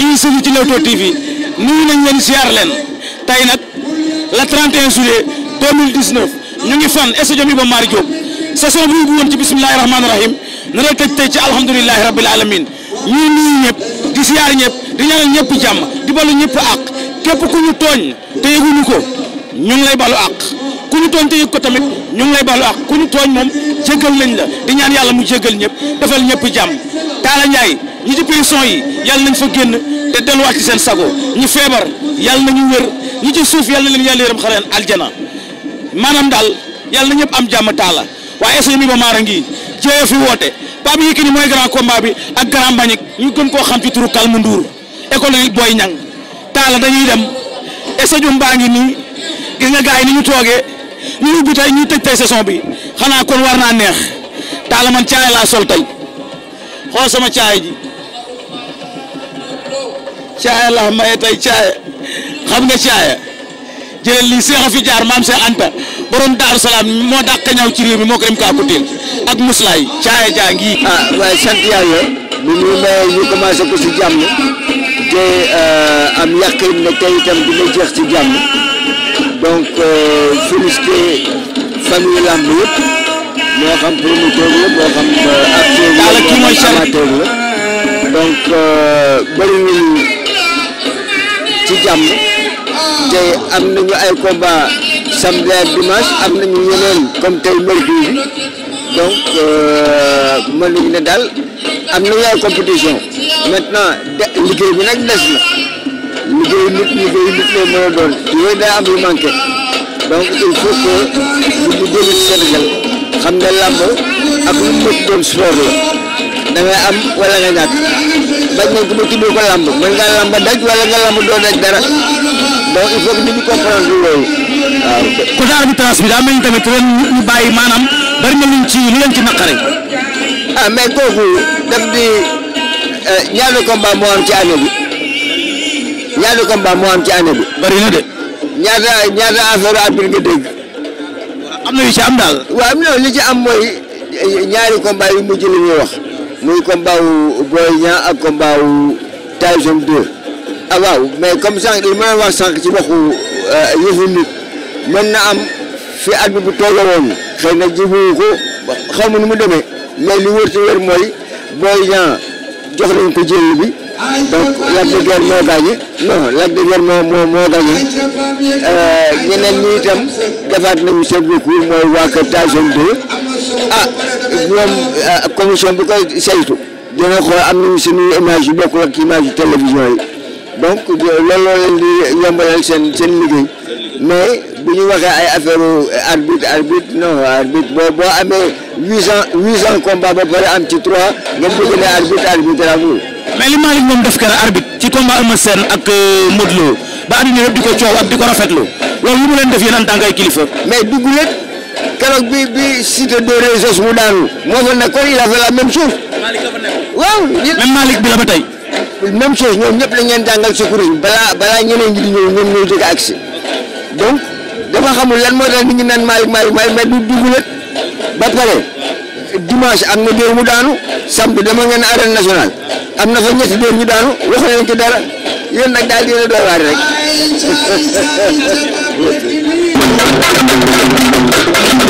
mbokk yi suñu ci Leewtoo TV nuyu nañ leen siyaar leen tey nag le 31 juillet 2019 ñu ngi fan stade Iba Mar Diop saison bu ubbi woon ci bismillahi rahmaani rahim nar a tëj tey ci alhamdulillahi rabbil alamin ñuy nuyu ñëpp di siyaar ñëpp di ñaanal ñëpp jàmm di balu ñëpp àq képp ku ñu tooñ te yëguñu ko ñu ngi lay balu ak ku ñu tooñ te yëg ko tamit ñu ngi lay balu àq ku ñu tooñ moom jéggal lañ la di ñaan yàlla mu jéggal ñëpp defal ñëpp jàmm Talla ñi ci prison yi yàlla nañ fa génn te delluwaat ci seen sago ñi feebar yàlla nañu wér ñi ci suuf yàlla na leen yàlla yërëm xaleen aljana maanaam daal yàlla na ñëpp am jàmm taala waaye sëñ bi ba maara ngi jéeya fi woote Pape Yékini bi ak ñu gën koo xam ci turu Kalmu Ndour école Boy Niang taala dañuy dem stade mbaa ngi nii gis nga gars yi ñu toogee ñu ubbi tey ñu tëj tey saison bi xanaa kon war naa neex taala man caay laa sol tey xool sama caay caaya laa maye caaya xam nga caaya jëlal lii seex fi jaar maam seex anta borom daaru salaam moo dàq ñaw ci réew mi moo ko dem kaa kuteel ak muslaay caaya jaa ngi ah waaye sant yàlla bi may ñu commencé ko si jàmm te euh, am yàqin ne tey itam dina jeex ci jàmm donc euh, félicité famille lamb yëpp moo xam promoteur la moo xam euh, acteur la moo xam amateur la donc bëri jàmm te am nañu ay combat samedi ak dimanche am nañu yeneen comme tey mercredi donc euh, mën nañu ne daal am nañu ay compétition maintenant de liggéey bi nag des na liggéey nit liggéey nit lay mën a doon yooyu day am lu manqué donc il faut que ñu dellu Sénégal xam ne làmb ak lu mu doon sport la da am wala nga ñàkk bañ nañ ko a tuddee ko làmb mën daj wala nga làmb doo daj dara donc il faut que nit ñi comprendre loolu waaw. côté arbitrage ni tamit ren bàyyi maanaam bari na luñ ci lu leen ci naqare. ah mais kooku daf di euh, ñaari combat moo am ci année bi ñaari moo am ci année bari na de. ñaata ñaata affaire arbitre am na yu ci am daal. waaw na li ci am mooy euh, ñaari combat yu mujj li ñuy wax. muy combat wu Boy Niang ak combat wu Tyson 2 ah waaw mais comme sànq li may wax sànq ci waxu euh, yëfu nit mën na am fi at bu tolloo woon xëy na jiwu ko xaw ma nu mu demee mais lu wër ci mooy Boy Niang jox nañ ko jël bi donc Lac de moo gagné non Lac de moo moo euh, ñeneen ñi itam defaat nañu seen recours mooy waa kër Tyson 2 ah ñoom ah, commission bi koy saytu dina xool am nañu suñu image yu bokkul ak image yu télévision yi donc loolu leen di yombalal seen seen liggéey mais bu ñu waxee ay affaire arbitre arbitre non arbitre boo boo amee huit ans huit ans combat ba pare am ci trois nga bëgg ne arbitre arbitre amul. mais li Malick moom def keroog arbitre ci combat Eumeu ak euh, Modou Lo ba àddina yëpp di ko coow ak di ko rafetlu loolu mu leen def yéen en tant que ay kilifa. mais dugg leen. keroog bi bi cité dóoree sos mu daanu moo fa nekkoon il a fait la même chose. waaw. même Malick ñëpp lañ leen jàngal secours balaa balaa ñeneen ñi di ñëw ñoom ñoo jóg agsi donc dafa xamul lan moo tax nit ñi naan Malick Malick Malick mais du dugg nag ba pare dimanche am na dóor mu daanu samedi dama ngeen arène nationale am na fa ñetti dóor ñu daanu wax nañ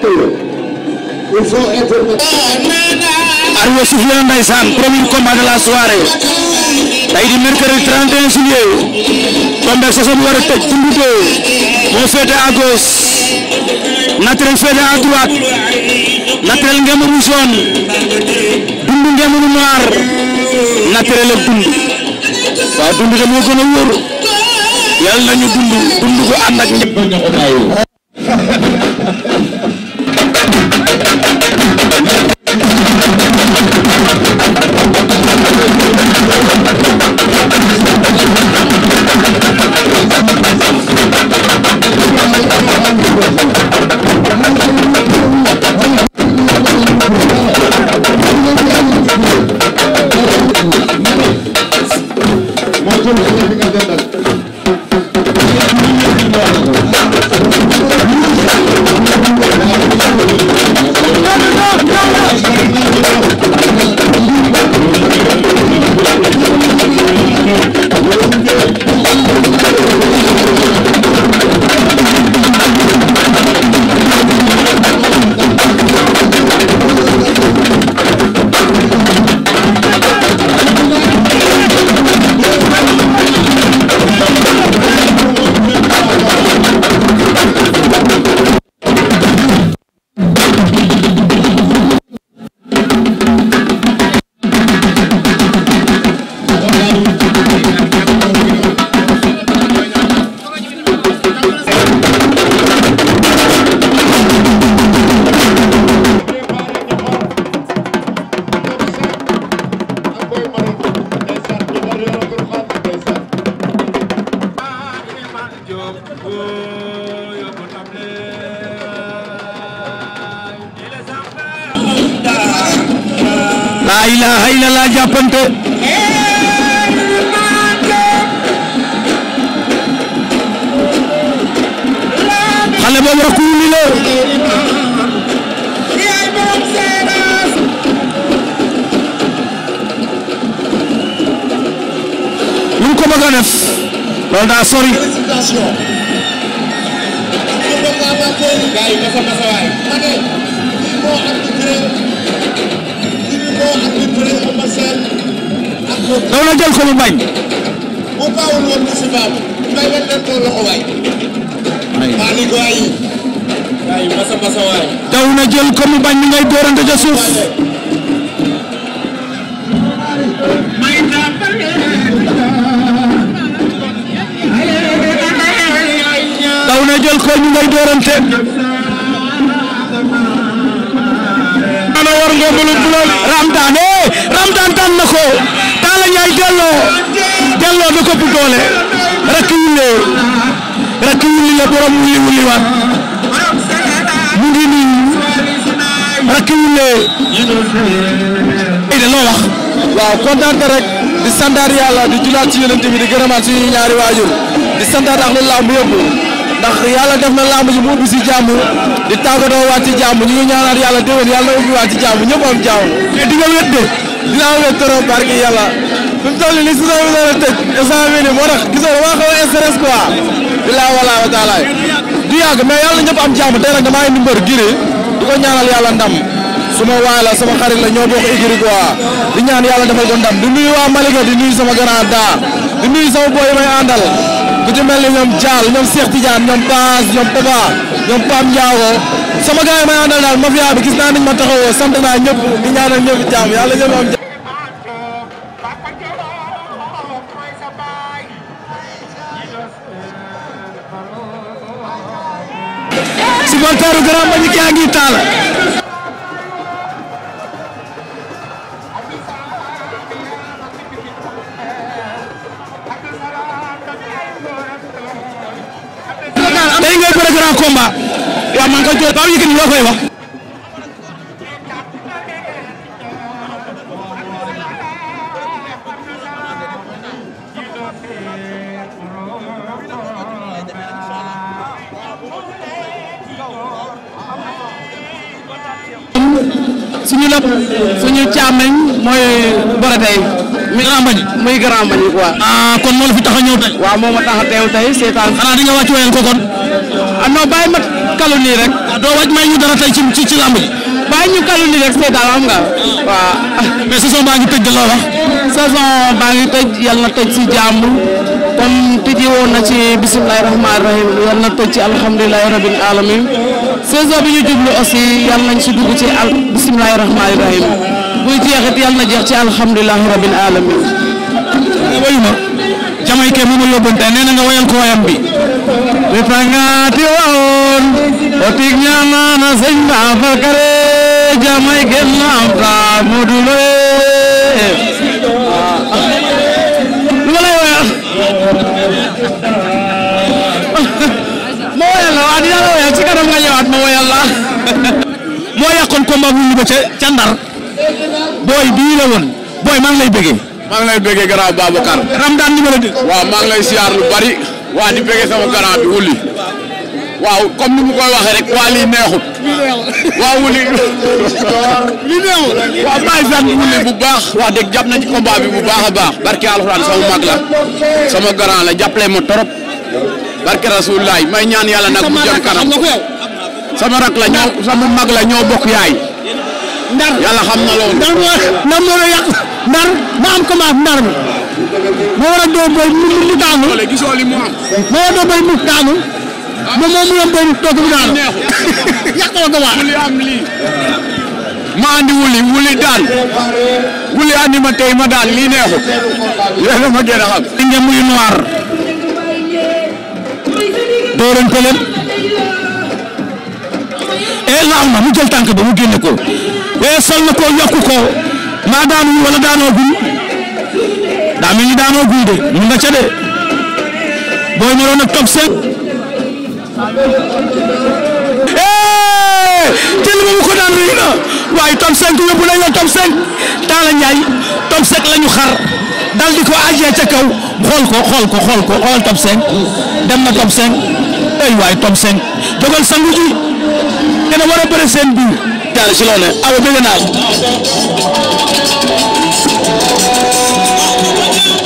tëye il faut informer. Ardo soufflé na ndeysaan premier combat de soirée tey di mercredi 31 tombe Sossokh war a tëj Toumbouctou moo féete à gauche Naturel féete à droite Naturel ngemu bu Dundu ngemu noir Naturel ak Dundu waaw Dundu de moo gën a wóor yàlla nañu Dundu Dundu ko ànd ak ñëpp. mi ngay dóorante na jël ko ñu ngay dóorante ana war nga mënu bulal ramdaan eh ramdaan tànn na ko Talla Ndiaye delloo delloo na ko bu doole rek wule rek wuli la mu ngi rakk yu ne de loo wax waaw rek di santaat yàlla di julaat ci yonent bi di gërëmaat suñu ñaari waajur di santaat ak lu làmb yëpp ndax yàlla def na làmb ji mu ubbi si jàmm di tàggatoo waat ci jàmm ñu ngi ñaanaat yàlla déwén ubbi waat ci jàmm ñëpp am jàmm mais di nga wét de dinaa wét trop barki yàlla fi mu toll nii saison bi dana tëj instant bii nii moo tax gisoo dama xaw a stress quoi yàlla ñëpp am jàmm tey nag giri ko ñaanal yàlla ndam suma waay la sama xarit la ñoo bokk écurie quoi di ñaan yàlla defal ko ndam di nuyu waa Malika di nuyu sama grand da di nuyu sama boy may àndal ku ci mel ni ñoom Diall ñoom Cheikh Tidiane ñoom Baas ñoom Papa ñoom Pam Ndiago sama gars yi may àndal daal mafia bi gis naa niñ ma taxawoo sant naa ñëpp di ñaanal ñëpp jàmm yàlla ñëpp am supporteru Grand Mbagnick yaa ngi taal tey ngay bëre grand combat waaw man kay Pape Yékini loo koy wax la tey. muy grand bañ. muy grand bañ quoi. ah kon moo la tax a ñëw tey. waaw moo ma tax a teew tey seetaan. xanaa di nga wàcc wayal ko kon. ah non bàyyi ma kalu nii rek. ah doo wàcc may ñu dara tey ci ci ci lamb ji. bàyyi ñu kalu nii rek seetaan xam nga. Ah. waaw. mais saison baa ngi tëj de loo wax. baa ngi tëj yàlla na tëj si jàmm. comme tëjee woon na ci bisimilah rahmaani rahim yàlla na tëj ci alhamdulilah rabbil alamin saison bi ñu jublu aussi yàlla nañ si dugg ci al bisimilah rahmaani rahim. buy jeexit yàlla na jeex ci alhamdulilah rabbil alamin wayuma jamay ke mooma yóbbante nee nga wayal ko wayam bi retangati wawoon o tig ñaanana sëñ naam ta modulo lu ma la waa dinaa la ci kanam nga ñëwaat ma la moo yàqoon combat bu ñu ba ca booy bii la woon booy maa ngi lay bëggee. maa ngi lay bëggee grand Babacar. Ramdan numéro 2. waaw maa ngi lay lu bari. waa di bëggee sama grand bi wuli. waaw comme ni mu koy waxee rek waa lii neexut. waa wuli. waaw maa ngi bu baax. wax dëgg jàpp na ci combat bi bu baax a baax. barke alxuraan sama mag la. sama grand la jàppale ma trop. barke rasulilah may ñaan yàlla nag. bu jëm kanam sama rak la ñoo sama mag la ñoo bokk yaay. ndar xam na loolu. ndar moo ndar ndar mi ma war a doo mu mu daanu. ma war a doo béy mu daanu. ba ah. moom mu yem mu toog mu daanu. ma andi wuli wuli daan wuli andi ma tey ma daan lii neexut ma gën a xam. ngeen muy noir. dooran pëlëm. et eh, laal na mu jël tànk ba mu génne ko. sol na koo yokk ko maa daanu wala daanoo gul ni daanoo gul de mu nga ca de booy naroon ak top 5. jël ba mu ko daan rëy na waaye top 5 yóbbu nañ la top 5 Talla Ndiaye top 5 la ñu xar dal di ko aajee ca kaw xool ko xool ko xool ko xool top na top 5 ay waay top 5 jogal sangu ji dina war a bëre seen naa la si loo ne awa bëgg naa la.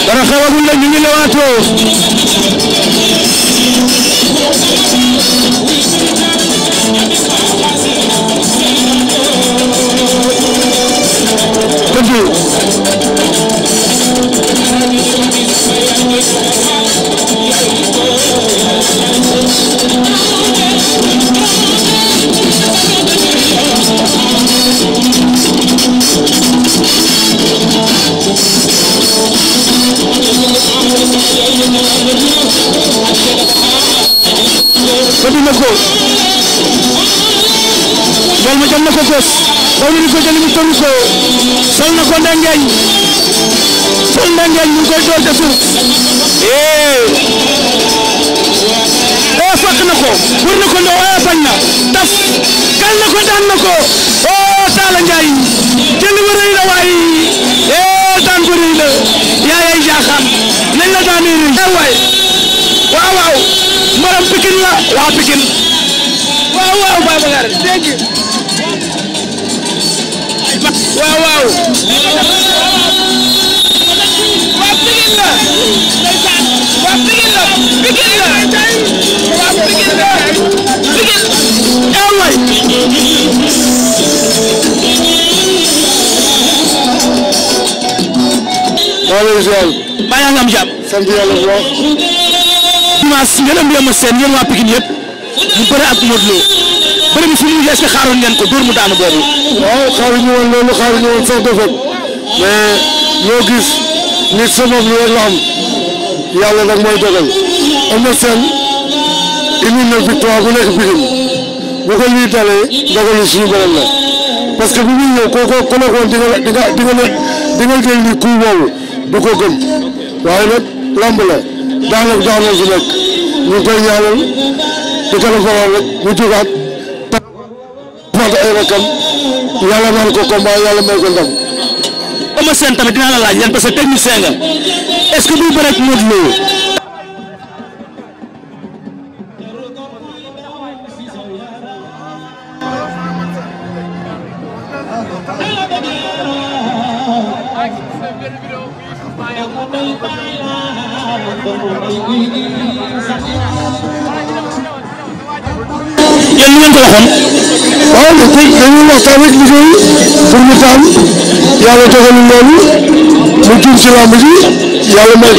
dara xewagul la ñu ngi lewaatoo. Thank you. Fëgg na ko jël ma jël na ko gos daw na ko jël mu tënk ko sol na ko ndengeñ sol ndengeñ mu koy door ca suuf ee ee fàq na ko wër na ko ndox ee bañ na taf gal na ko daan na ko oo oh, Talla Ndiaye jël wër na waay lool daan bu rëy la yaayay jaaxaan nañ la daanee rëy ay mbaram pikin la waa pikin waaw waaw Babacar dégg lay ziar. mbaa yaa ngi am jàmm. sant yàlla bu baax. dimanche ngeen am Eumeu Sène yéen waa Pikine yëpp mu bëre ak Modou Lo bëre bi fi mu est-ce que xaaroon ngeen ko dóor mu daanu boobu. waaw xaaruñu woon loolu xaaruñu woon sax defet mais loo gis nit sama lu rek la am yàlla nag mooy dogal Eumeu Sène indi na victoire bu nekk Pikine bu ko lii dalee dogalu suñu borom la parce que bu muy ñëw kooku ku nekkoon di nga di nga di nga jël ni coup boobu. da ko gëm waaye nag lamb la daanaka daanaka si nekk ñu koy ñaanal di ko defal rek ñu jugaat taxawaat ay rakam yàlla naan ko combat yàlla may ko ndam. Eumeu Sène tamit dinaa la laaj leen parce que technicien nga est-ce que buy bëreeg Modou Lo li ngeen ko waxoon. waaw dañuy waxtaan rek liggéey pour ñu taam yàlla dogal loolu mu jur ci làmb ji yàlla may.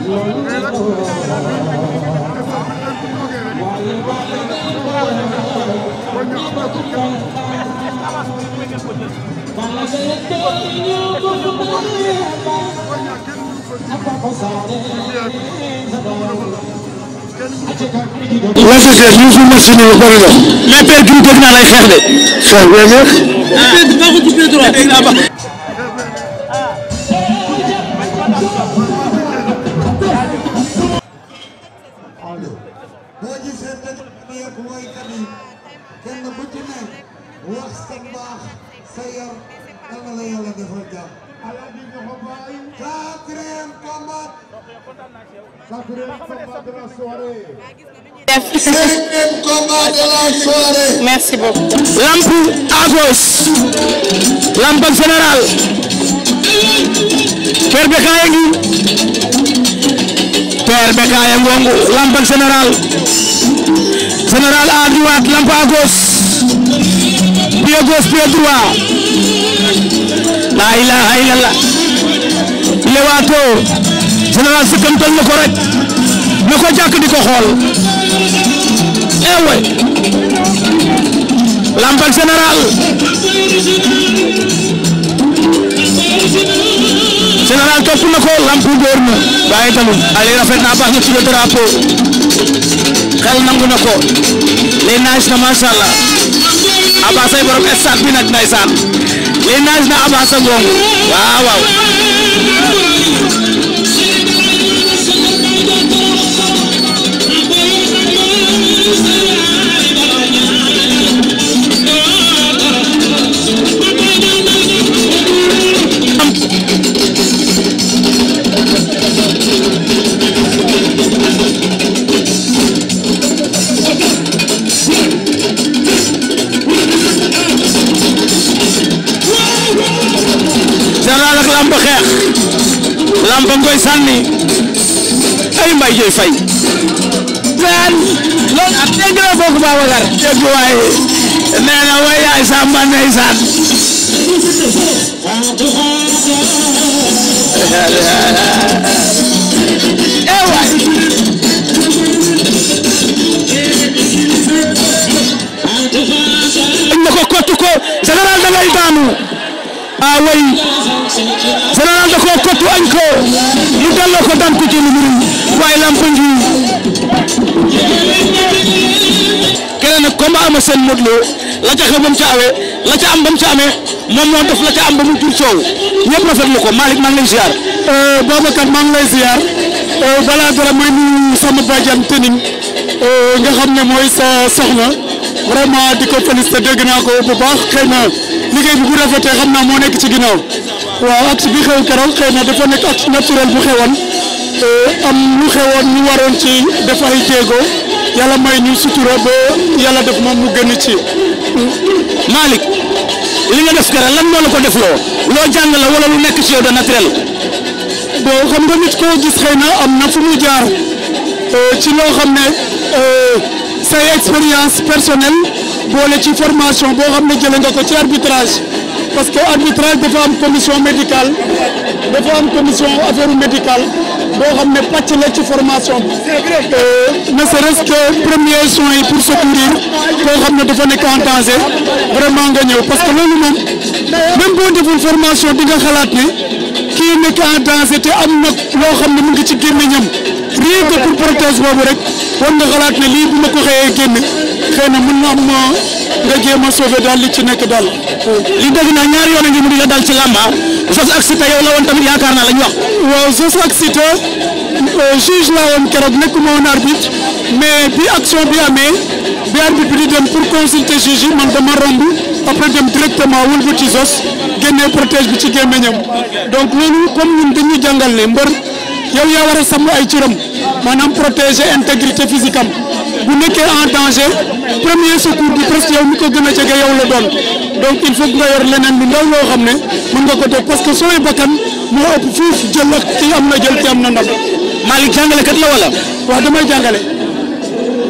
L'association ñu suñu machine bi bëri na. mais père gi dégg naa lay xeex de. Ah. xeex yi kenn ku ci ne wax ngi. Père Bécaye ngongu. Lampe en général à droite lampe à la ilaha illallah lewato général sëkkantal na ko rek di ko xool ewe eh lampe ak général na ko lampe dóor na waaye tamit allez baax na ci le drapeau xel nangu na ko léegi naaj na macha allah Aba say borom stade bi nag ndeysaan léegi naaj na Aba sa ngooñ waaw waaw. koy sànni ay mbay jooy fay naan loolu ak dégg la bokk Babacar dégg waaye nee na way yaay Samba ndeysaan eh waay ñu ko kottu ko général da ngay daanu ah way naa da koo kottu añ ko mu delloo ko daan ko ci lu bëri waaye lampa nji keneen nag combat ama seen Modou Lo la ca xew ba mu ca awee la ca am ba mu amee moom moo def la ca am ba mu jur coow ñëpp rafetlu ko Malick maa ngi lay ziar. Euh, Babacar maa ngi lay ziar euh, balaa dara may nuyu sama bàjjan Tening euh, nga xam ne mooy sa soxna vraiment di ko félicité dégg naa ko bu baax xëy na. liggéey bu bu rafetee xam naa nekk ci ginnaaw waaw acte bi xew keroog xëy na dafa nekk acte naturel bu eh, am lu xewoon ñu waroon ci def ay jéego yàlla may ñu def moom mu gën ci. Malick li nga def keroog lan moo la ko def loo loo jàng la wala lu nekk ci yow de naturel. bon xam nga nit koo gis xëy am na fu mu jaar eh, ci loo xam ne eh, say expérience personnelle. boole ci formation boo xam ne jële nga ko ci arbitrage parce que arbitrage dafa am commission médicale dafa am commission affaire médicale boo xam ne pàcc la ci formation bi. Euh, ne serait-ce que premier soin yi pour secourir koo xam ne dafa nekk en danger vraiment nga ñëw parce que loolu moom même boo deful formation di nga xalaat ne kii nekk en te am na loo xam ne mu ngi ci gémmiñam rien que pour prothèse boobu rek war nga xalaat ne lii bu ko xëyee xëy na am nga jéem a daal li ci nekk daal. li dégg ñaar ñaari yoon ngi mu di la dal ci làmba Zoss ak Siteu la woon tamit yaakaar naa la wax. waaw Zoss euh, juge la woon nekkuma woon arbitre mais bi action bi amee bi arbitre bi di dem pour consulter juge yi man dama romb après dem directement wëlbati Zoss génnee protège bi ci gémmiñam donc loolu comme ñun dañuy jàngal ne mbër yow yaa war a sàmm ay cëram maanaam protéger intégrité physique am. bu nekkee en danger premier secours bi presque yow mi ko gën a jege yow la doon donc il faut nga yor leneen lu ndaw loo xam ne mën nga ko def parce que sooy bakkan moo ëpp fuuf jël ak ci am na jël ci am na ndam. Malick jàngalekat la wala. waaw damay jàngale.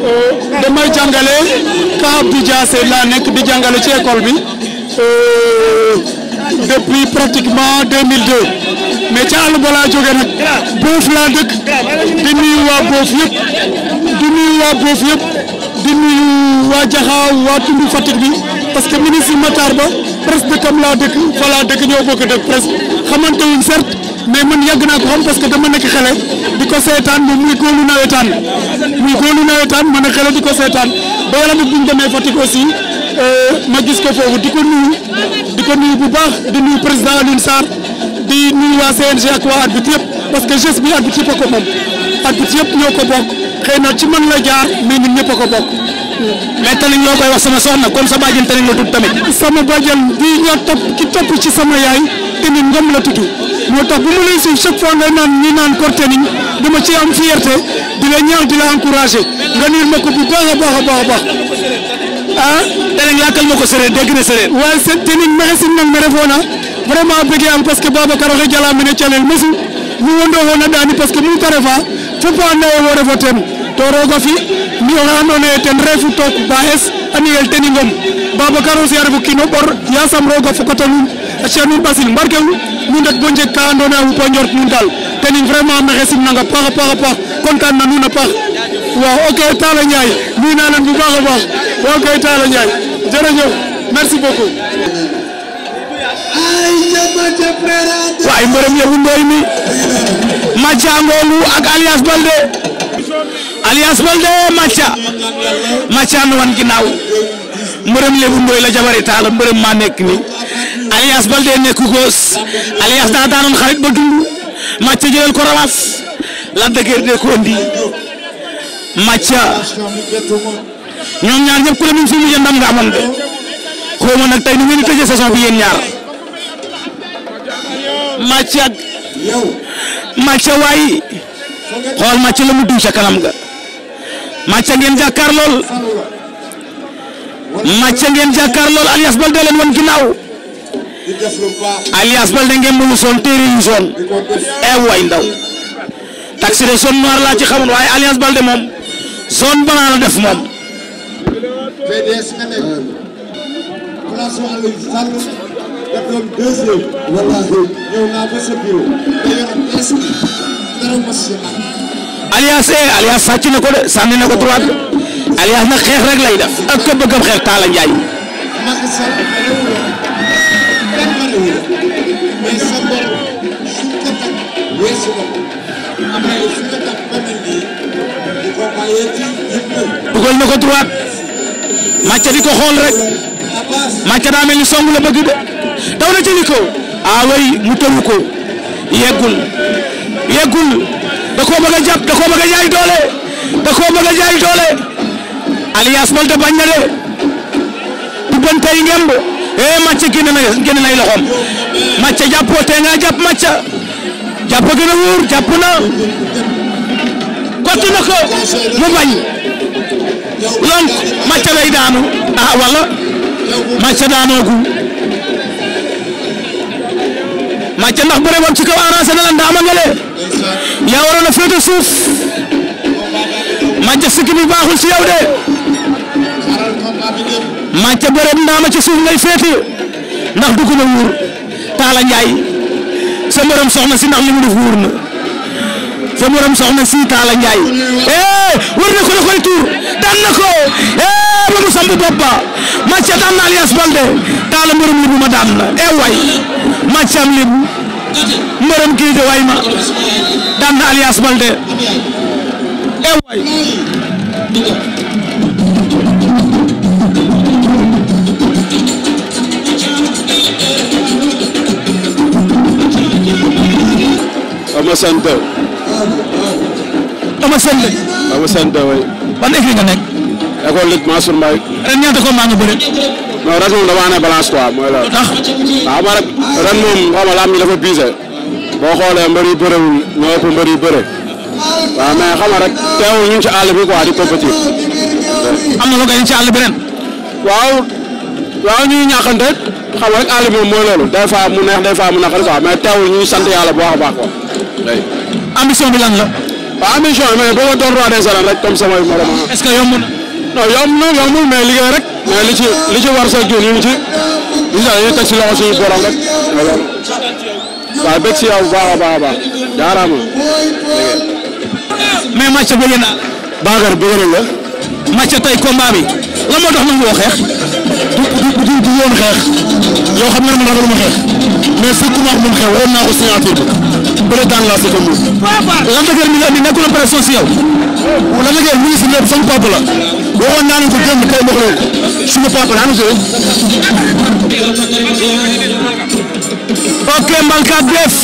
Euh, damay jàngale Kaab di Diassé laa nekk di jàngale ci école bi euh, depuis pratiquement 2002 mais ca àll ba laa jógee nag boof laa dëkk di nuyu waa boof yëpp. waa Mbof yëpp di nuyu waa Jaxaaw waa tundu Fatick bi parce que ministre Matar Ba presse dëkkam laa dëkk fa laa dëkk ñoo bokk dëkk presse xamante wuñ certes mais man yàgg naa ko xam parce que dama nekk xale di ko seetaan moom muy góolu nawetaan muy góolu nawetaan ma ne xale di ko seetaan ba yàlla nag bu ñu demee aussi euh, ma gis ko foofu di ko nuyu di ko nuyu bu baax di nuyu président Alioune Sarr di nuyu waa CNG ak waa arbitre yëpp parce que geste a xëy na ci man la jaar mais ñun ñëpp a ko bokk. mais tamit loo koy wax sama soxna comme sa bàjjen tamit la tudd tamit. sama bàjjen bii ñoo topp ki topp ci sama yaay tamit ngom la tudd moo tax bu ma lay suuf chaque fois ngay naan ñi naan korte niñ dama ci am fierté di la ñaax di la encouragé nga niir ma ko bu baax a baax a baax a baax ah. teneen laakal ma ko séeréer dégg na séeréer. waaye seen teneen merci nag ma defoon na vraiment bëggee am parce que Babacar waxee Jalla mi ne Thiel mosu ñu wëndoo woon na daani parce que mu ngi ko refaa foofu ànd ak yow war a to roga fi mi oxe andoona yee ten reefu took baaxes a ni'el ten i nqom Babacar aussi a o kiin o yaasam roog a fokat a nuun a ci'a nuun ɓasil mbarke ka andoona yee a xupa njort nuun daal ten in vraiment maxey simnang a paax a paax a paax content ok Talla Ndiaye nuy naa leen bu baax a baax ok Talla Ndiaye jërëjëf merci beaucoup waay mbërëm yefu ndooy mi Mathia Ngongou ak Alias Baldé alias Balde Macha Macha nu wan ginnaaw mbërëm Lebu Ndoy la jabari taala mbërëm maa nekk ni alias Balde nekku góos alias daa daanoon xarit ba dund Macha jëlal ko rawas la dëgër de ko ndi ñoom ñaar ñëpp ku la ñu fi mujj ndam nga de xaw nag tey nu ngeen di tëjee saison bi yéen ñaar Macha Macha waay xool Macha la mu duw ca kanam nga macca ngeen jàkkaar lool macca ngeen jàkkaar lool Alias Baldé leen wan ginnaaw Alias Baldé ngeen mu son téere yu son e eh way de zone noire laa ci xamul waaye Alias Baldé moom zone blanc def moom Alias eh Alias sàcc na ko de sànni na ko droite Alias nag xeex rek lay def ak ko bëgg xeex Talla Ndiaye. dugal na ko droite Macha di ko xool rek Macha daa ni song la bëgg de daw na jëli ko ah mu tëru ko yeggul yeggul. da koo bëgg a jàpp da koo bëgg a jaay doole da koo bëgg jaay doole Alliance Baldé bañ na de diggante yi ngemb eh Macha génne na génne nay loxoom Macha jàppoo nga jàpp Macha jàpp gën a wóor na kott na ko mu bañ donc Macha lay daanu ah wala Macha daanoogu Macha ndax bëre woon ci kaw arrangé na la ndaama nga lee yaa waroon a féete suuf màcc sikki bi baaxul ci de màcc bërëb naa ma ci suuf ngay féete ndax dugg na wuur Talla Ndiaye sa morom soxna si ndax li mu def wuur na sa morom soxna si Talla Ndiaye eh war na ko da koy tuur daan na ko eh ba mu samp bopp ba màcc daan na Alias Balde Talla mbërëm li bu ma daan na eh mbërëm kii di way ma daan na Alliance Baldé e eh, way ama sant ama sant ama sant way ban écrit nga nekk école Lutte Mansour Mbaye ren ñaata combat nga bëre non ren moom damaa ne balance quoi mooy la. ndax waaw ma rek ren moom xaw ma laam ñi dafa biise boo xoolee mbër yu bëriwul ñoo ëpp mbër yu bëre waaw mais xam nga rek teewul ñu ngi ci àll bi quoi di compétir. am na loo àll bi ren. waaw waaw ñuy ñàkkante xam nga rek àll bi moom mooy loolu des fois mu neex des fois mu naqari quoi mais teewul ñu ngi sant yàlla bu baax a baax bi lan la. waaw ambition bi mais boo ma doon roi des rek comme samay morom. est-ce loo yomb na yombul mais liggéey rek mais li ci li ci war sa jur ñu ngi ci incha allah ñu teg si loxo suñu borom rek waaw bëgg si yow baax a baax a baax jaaraama. mais match bëgg naa. Bakar bëgg nañ la. match tey combat bi lan moo tax nangu woo xeex. du du du woon xeex yow xam nga ne man ragal ma xeex mais fekk ma ak moom xeex waroon naa ko signature bi bële daan laa seqal moom. lan la gërëm ñu ne nekkul si yow. lan la gërëm si lépp sama la. waxoon naa leen ko démb tey wax leen ko suñu papa la am solo. ok Mbalka def.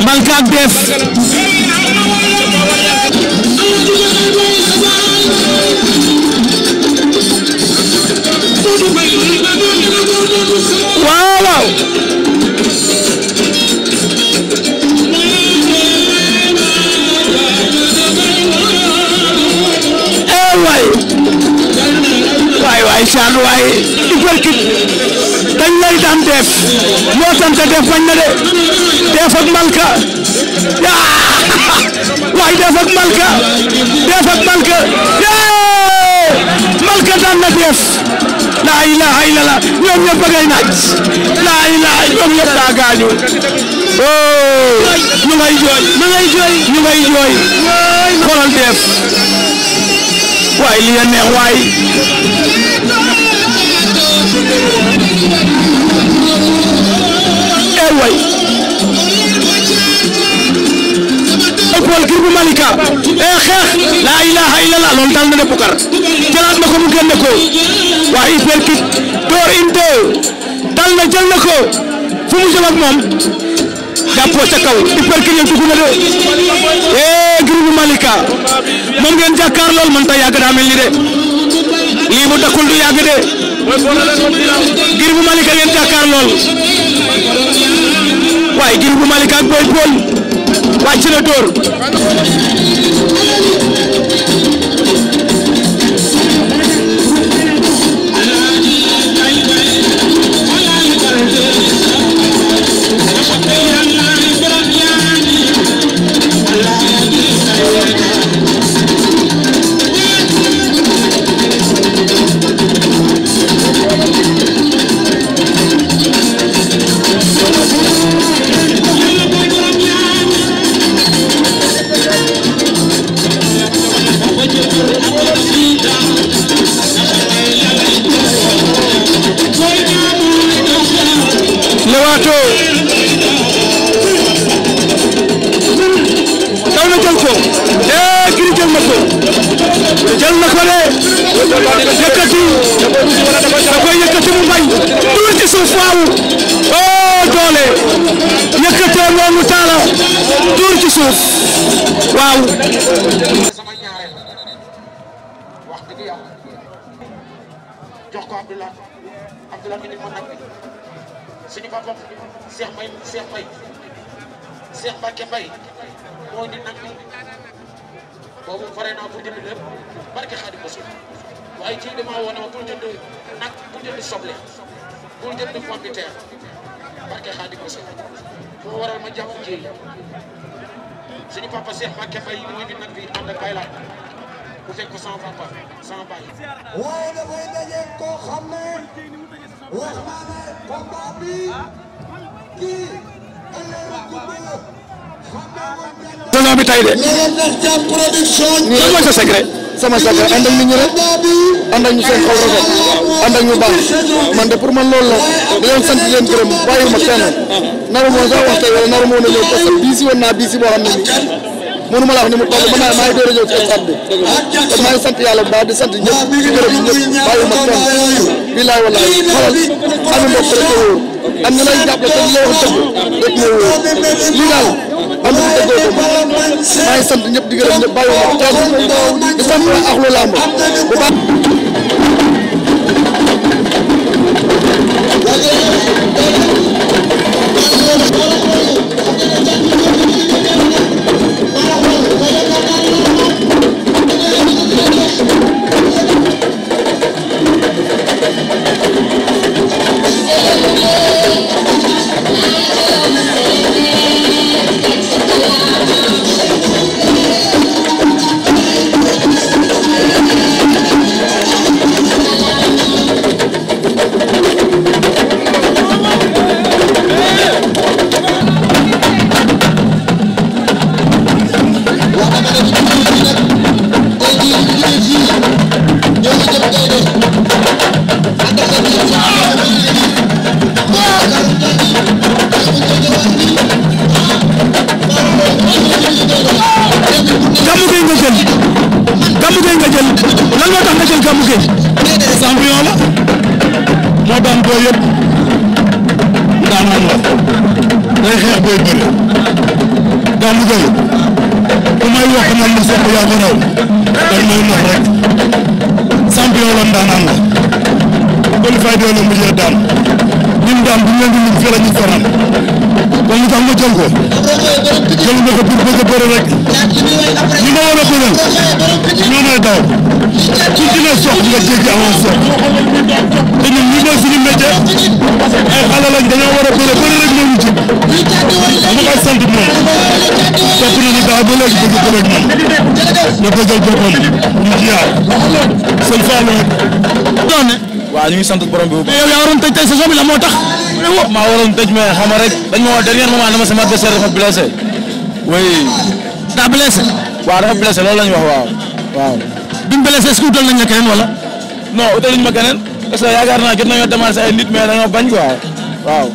Mbalka def. waaw waaw eh, ee waay waay waay saan waay dañ lay daan def moo tante def bañ na de def Malka yaa waay def Malka def Malka yaa Malka daan neex waay eh Paul Girbu Malika ee eh, xeex laa ilaaha illallah lool dal na ne Bukar jëlaat na ko mu génne ko waa IPR kit door inte dal na jël na ko fu mu jëm moom jàppoo ca kaw IPR kit yow dugg na de ee eh, Girbu Malika moom ngeen jàkkaar lool man ta yàgg daa mel ni de lii bu du yàgg de Girbu Malika ngeen jàkkaar lool waaye Girbu Malika ak Boy wàcc na dóor Leewtoo daw na jël ko eh Gris jël na ko jël na ko de yëkkati da koy yëkkati mu bañ tuur ci suuf faaw oh doole yëkkatee noonu taala tuur ci suuf waaw. jox ko Abdoulaye Abdoulaye suñu papa Cheikh Mbaye Cheikh Mbaye Cheikh Mbacke Mbaye moo indi nag boobu pare naa pour jënd lépp barke Xaadim Rasul waaye ci damaa woo ne ma pour jënd nag pour jënd soble pour jënd pomme de barke Xaadim Rasul moo waral ma jàpp jéey suñu papa Cheikh Mbacke Mbaye moo indi nag bi ànd ak Baye Laay bu fekk ko papa sans baay. woo la booy daje xam ne. wax naa ne combat bi kii ëllëg bu bëgg xam naa moom benn. saison bi tey de. Léonard production. lan mooy sa secret. sama secret ànd ak nit ñi rek ànd ak ñu seen xol rafet ànd ak ñu baax man de pour man loolu la di leen sant di leen gërëm bàyyi ma kenn naru moo sax wax tey wala naru moo ne ñëw parce que bii si woon naa bii si boo xam ne nii mënu ma la wax ni mu toll mën naa maa ngi door a ñëw ci stade bi kon maa ngi sant yàlla bu baax di sant ñëpp di gërëm ñëpp bilaay walaay xoolal am mbokk rek a wóor am ñu lay jàppale te li lay wax dëgg rek moo wóor lii daal am na dëggoo ko maa ngi sant ñëpp di gërëm ñëpp bàyyi wu ma kenn di sant waa Ahlou Lamb bu baax Thank you. kenn yaa ko raw dañ lay nax rek champion la ndaanaan la Coly na mujjee daan ñun daan bu ñu leen di lim fii la ñu faral kon li tax nga jël ko jël nga a bëri ñi ma war a bëral ñoomay daw ku dina sox nga jéggi amoon sox te ñun ñu mooy suñu métier ay xale lañ dañoo war a bëre bëre rek moo ñu jëm dama koy sant moom topp nañu daaw ba léegi bëgg bëre ak moom na bëggal boppam ñu jiyaar sëñ Fall rek doone waaw ñu ngi sant borom bi bu baax yow yaa waroon tëj tey saison bi la moo tax maa waroon tëj mais xam rek dañ ma woo dernier moment dama sama adversaire dafa blessé oui daa blessé. waaw dafa blessé loolu la ñu wax waaw waaw. bi mu blessé est-ce que utal nañ la keneen wala. non utaluñ ma keneen parce que yaakaar naa jot nañoo démarrer ay nit mais dañoo bañ quoi waaw.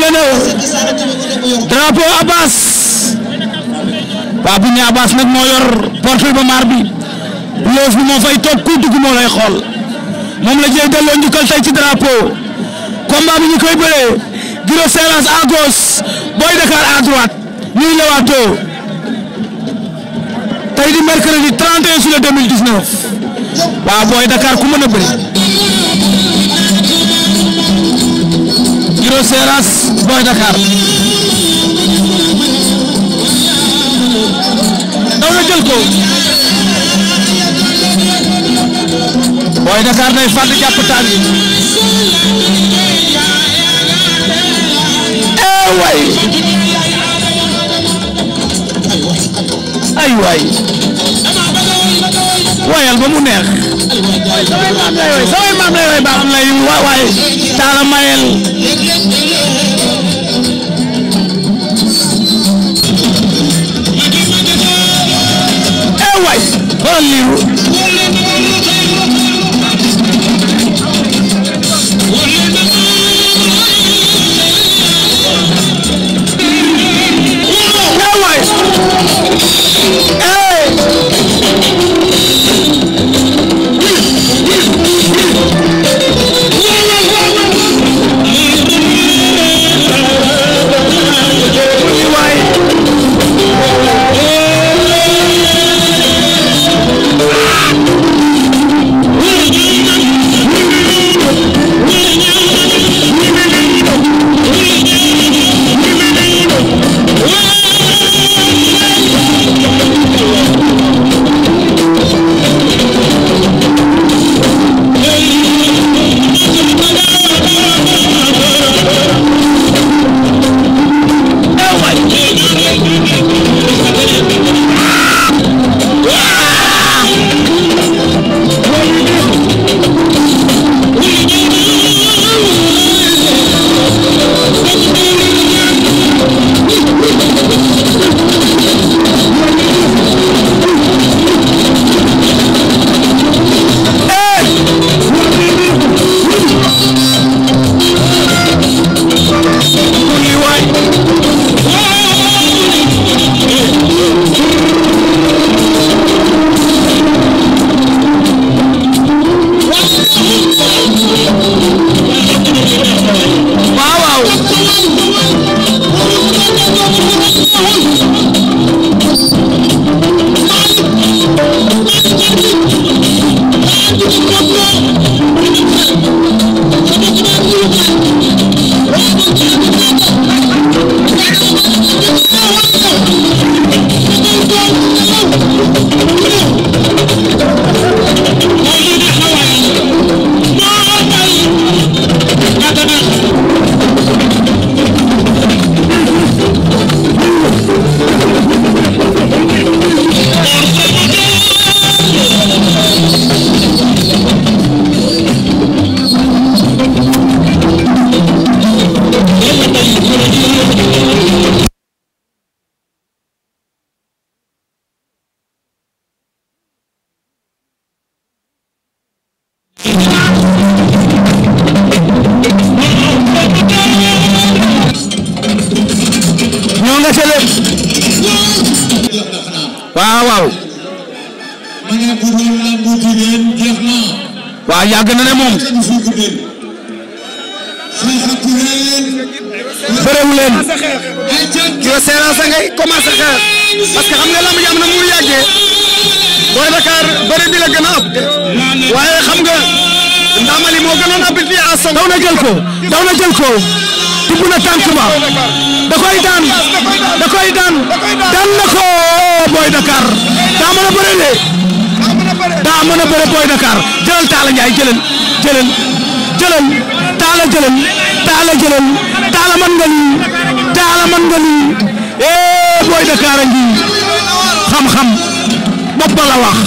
sifflé na Abbas waaw bu ñu Abbas nag moo yor ba maar bi loos bi moo fay toog ku dugg moo lay xool moom la jël delloo njukkal tey ci drapeau combat bi ñu koy bëree Guiro Seras à gauche Boy Dakar à droite ñuy lewaatoo tey di mercredi 31 juillet 2019 waaw Boy Dakar ku mën a Guiro Seras Boy Dakar daw na jël ko Boy Dakar day fànn jàpp tànn eh waay ay waay wayal ba mu neex samay maam lay woy samay maam lay woy baaxam lay waay waay taala mayel eh waay xoolal liiru eh waay daa mën a bëre Boy Dakar jëlal Talla Ndiaye jëlal jëlal jëlal Talla jëlal eh, Boy Dakar a xam-xam bopp la wax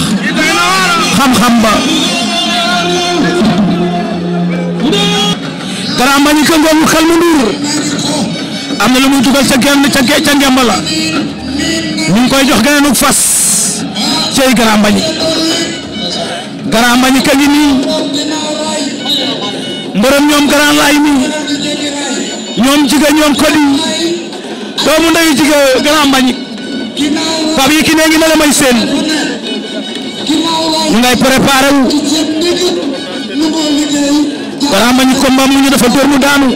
xam-xam ba. Kara Mbagnick ngoogu xel mu nduur am na lu mu dugal ca genn ca ca ngemb la koy jox geneen ak fas cey Kara Grand Mbagnick a ngi nii mbërëm ñoom Grand Laye nii ñoom Jiga ñoom Koli doomu ndeyu Jiga Grand Mbagnick Pape Yékini ngi na la may seen ñu ngay préparé wu Grand Mbagnick mu ñu dafa dóor mu daanu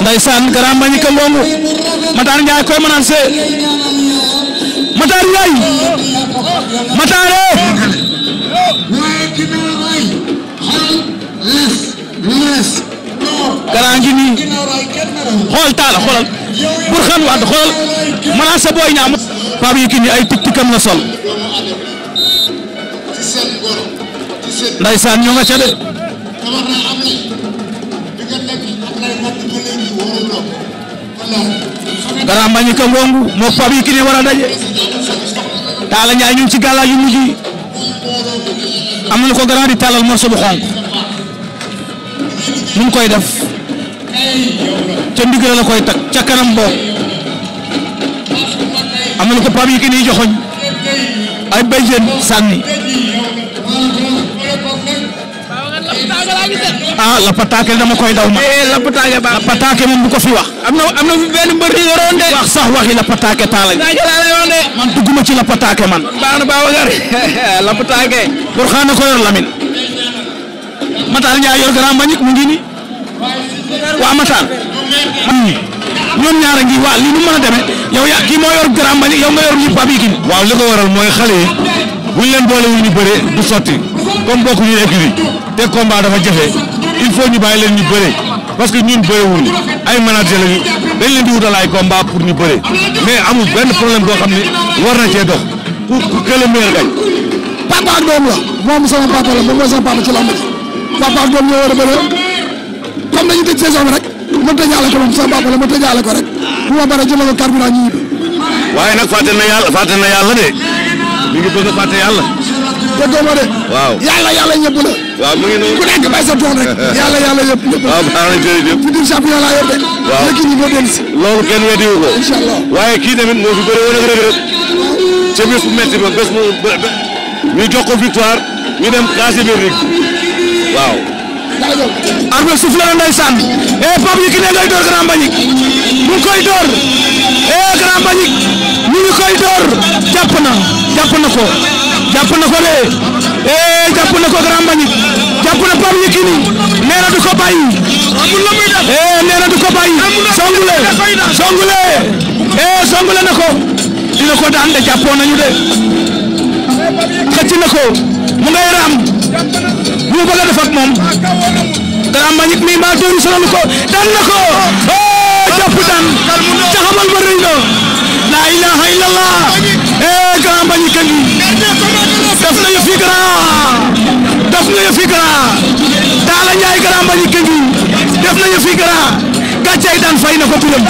ndeysaan Grand Mbagnick a ngoongu Matar Ndiaye koy mënaan see Matar Ndiaye mataare waaye dina roy xool les les karaa ngi nii xool taala xoolal pour xam waat xoolal mana sa boy ñaam ay tiktikam la sol ndaysaan ñoo nga ca de garaa mbañi ka ngongu moo Pape Yékini war a daje Talla Ndiaye ñu ngi ci gàllaa yu mujj yi am na ko grand di tàllal morceau bu xonk mu koy def ca ndigal koy tag ca kanam boog am na ko Pape Yékini joxoñ ay béjjén sànni. ah la pataake dama koy daw ma. Eh, la pataake pataake moom bu ko fi wax. am na am na benn mbër yu yoroon de. wax sax waxi la pataake taala. man dugguma ci la pataake man. baax na baax a la pataake. pour xaana ko yor Lamine. Matar Ndiaye yor grand bañik mu ngi waa Matar. am ni ñoom ñaara ngi waa lii nu mën a demee. yow yaa yor grand bañik yow nga yor ñi Pape Yékini. waaw li ko waral mooy xale yi buñ boole wu ñu bëree du sotti comme bokkuñu écurie te combat dafa il faut ñu bàyyi leen ñu bëre parce que ñun bëre wuñu ay manager lañu dañ leen di wutal ay combat pour ñu bëre mais amul benn problème boo xam ne war na cee dox pour pour que le meilleur gagne. papa ak doom la moom sama papa la moom mooy sama papa ci lamb ji doom ñoo war a bëre comme dañu tëj saison bi rek ma tëjaale ko moom sama papa la ma tëjaale ko rek bu ma bare jëlee ko carburant ñu ñibbi. waaye nag fàtte na yàlla fàtte na yàlla de mi ngi bëgg a fàtte yàlla. te doomu de. waaw yàlla waaw mu ngi noonu ku nekk bay sa tool rek yàlla yàlla yëpp ñëpp waaw baax na jërëjëf fi di champion laa yor de waaw léegi ñu ngi dellusi loolu kenn weddiwu ko incha allah waaye kii tamit moo fi bëre woon ak Reug Reug ca bés bu métti ba bés bu ñu jox ko victoire ñu dem classé biir rig waaw arbe soufflé na ndeysaan eh Pape Yékini ngay door Grand Mbagnick mu koy door eh Grand Mbagnick mu ngi koy door jàpp na jàpp na ko jàpp na ko de eh, Ndiaye jàpp na ko Grand Mbagnick jàpp na Pape Yekini nee na du ko bàyyi eh nee na du ko bàyyi songule songule eh songule na ko dina ko daan de jàppoon nañu de xëcc na ko mu ngay raam mu bëgg a def ak moom Grand Mbagnick mi maa dóoru sonal ko daan na ko oh jàpp daan taxawal ba rëy na la ilaha illallah eh Grand Mbagnick a ngi daf na yëf yi grand daf na yëf yi grand Talla Ndiaye grand mbañu kënju daf na yëf yi daan fay na ko turam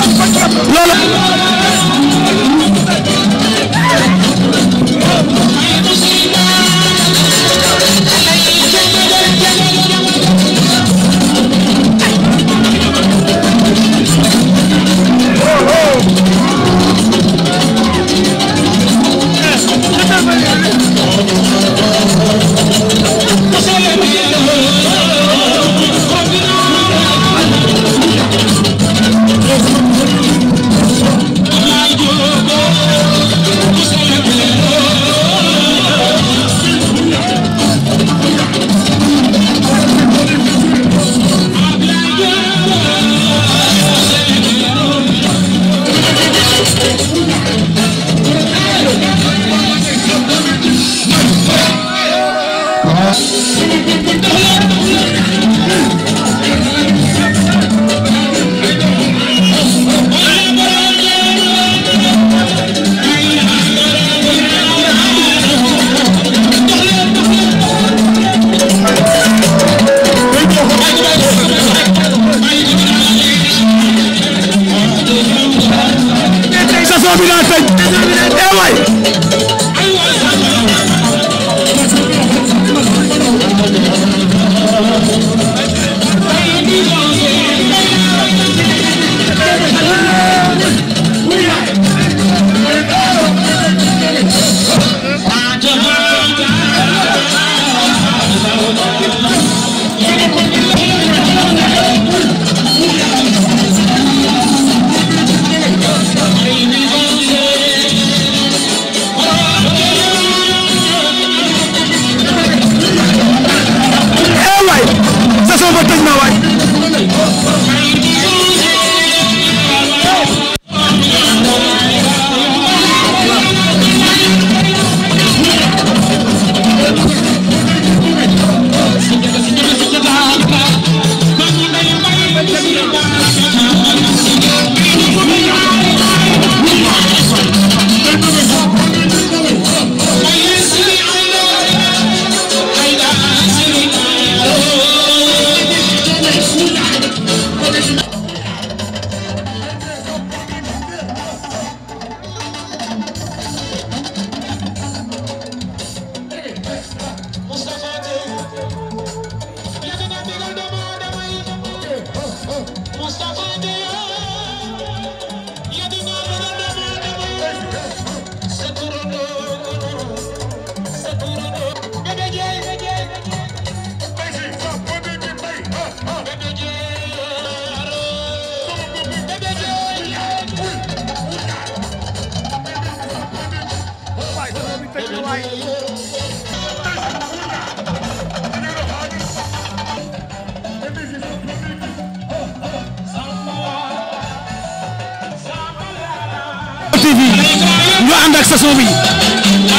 ànd ak saison bi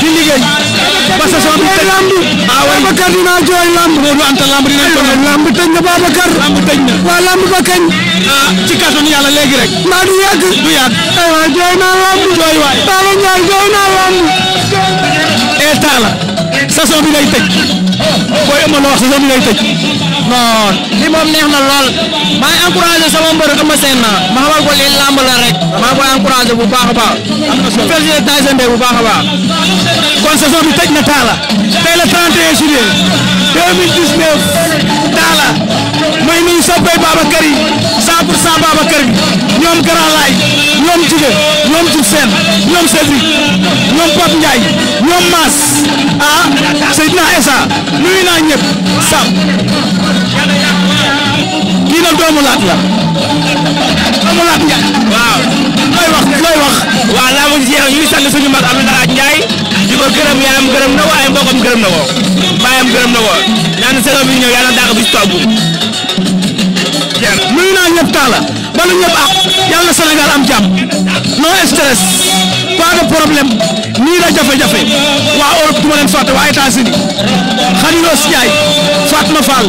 di liggéey ba saison bi tëj ah oui Babacar dinaa jooy lamb Modou Anta lamb dinañ ko eh, lamb tëj na Babacar lamb tëj na waaw ba kañ ah, ci kàttanu yàlla léegi rek maa du yàgg du yàgg eh, aywa jooy naa lamb jooy waay Talla Ndiaye jooy naa lamb ee eh, Talla saison bi lay tëj booy Eumeu la wax bi lay tëj. non li moom neex na lool maay encouragé sama mbër Eumeu Sène ma xamal ko li làmb la rek maa koy encouragé bu baax a baax. am na solo félicité Tyson bu baax a baax. kon saison bi tëj na Talla. tey le 31 juillet 2019 Talla. may nuyu soppey Babacar yi 100 pour 100 Babacar bi ñoom Grand Laye ñoom Jige ñoom Diouf ñoom Cédric ñoom Pape ñoom Mass ah Seydina Essa nuyu naa ñëpp sam kii na doomu laat la doomu laat Ndiaye waaw looy wax looy wax waaw laa ñu ngi sant suñu mag am na laaj di ko gërëm yaayam gërëm na ko ay gërëm na ko baayam gërëm na ko ñaan saison bi ñëw yàlla dàq bi ci nuyu naa ñëpp taala balu ñëpp ak yàlla na am jàmm no stress pas de problème nii la jafe-jafe waa Europe du ma leen fàtte waa États-Unis Khady Rose Ndiaye Fatma Fall